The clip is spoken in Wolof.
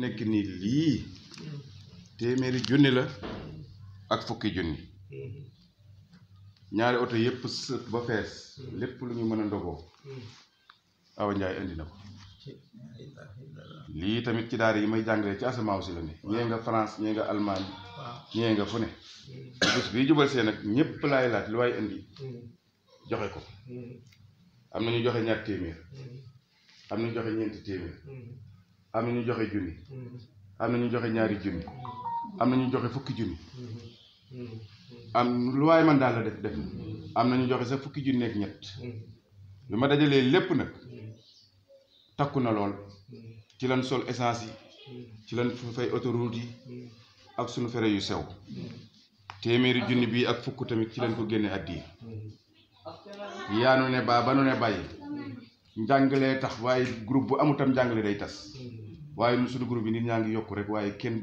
nekk nii lii téeméeri junni la ak fukki junni ñaari oto yëpp sët ba fees lépp lu ñu mën a ndogoo Awa indi na ko lii tamit ci daara yi may jàngale ci asamaaw si la ne ñee nga France ñee nga Allemagne ñee nga fu ne hmm. bii jubal see nag ñëpp laay laaj lu waay indi hmm. joxe ko hmm. am na ñu joxe ñaar téeméer am na ñu joxe ñeenti téeméer am na ñu joxe junni mm-hmm. am na ñu joxe ñaari junni mm-hmm. am na ñu joxe fukki junni mm-hmm. am lu waaye man daal la def def am na ñu joxe sa fukki junni ak ñett lu ma dajalee lépp nag takku na lool ci lan sol essence yi ci lan fay autoroute yi ak sunu fere yu sew téeméeri junni bii ak fukk tamit ci lañ ko génne addiya yaanu ne baa ba nu ne bàyyi njàngalee tax waaye groupe bu amutam njàngale day tas waaye ñun suñu groupe bi nit ñaa ngi yokk rek waaye kenn.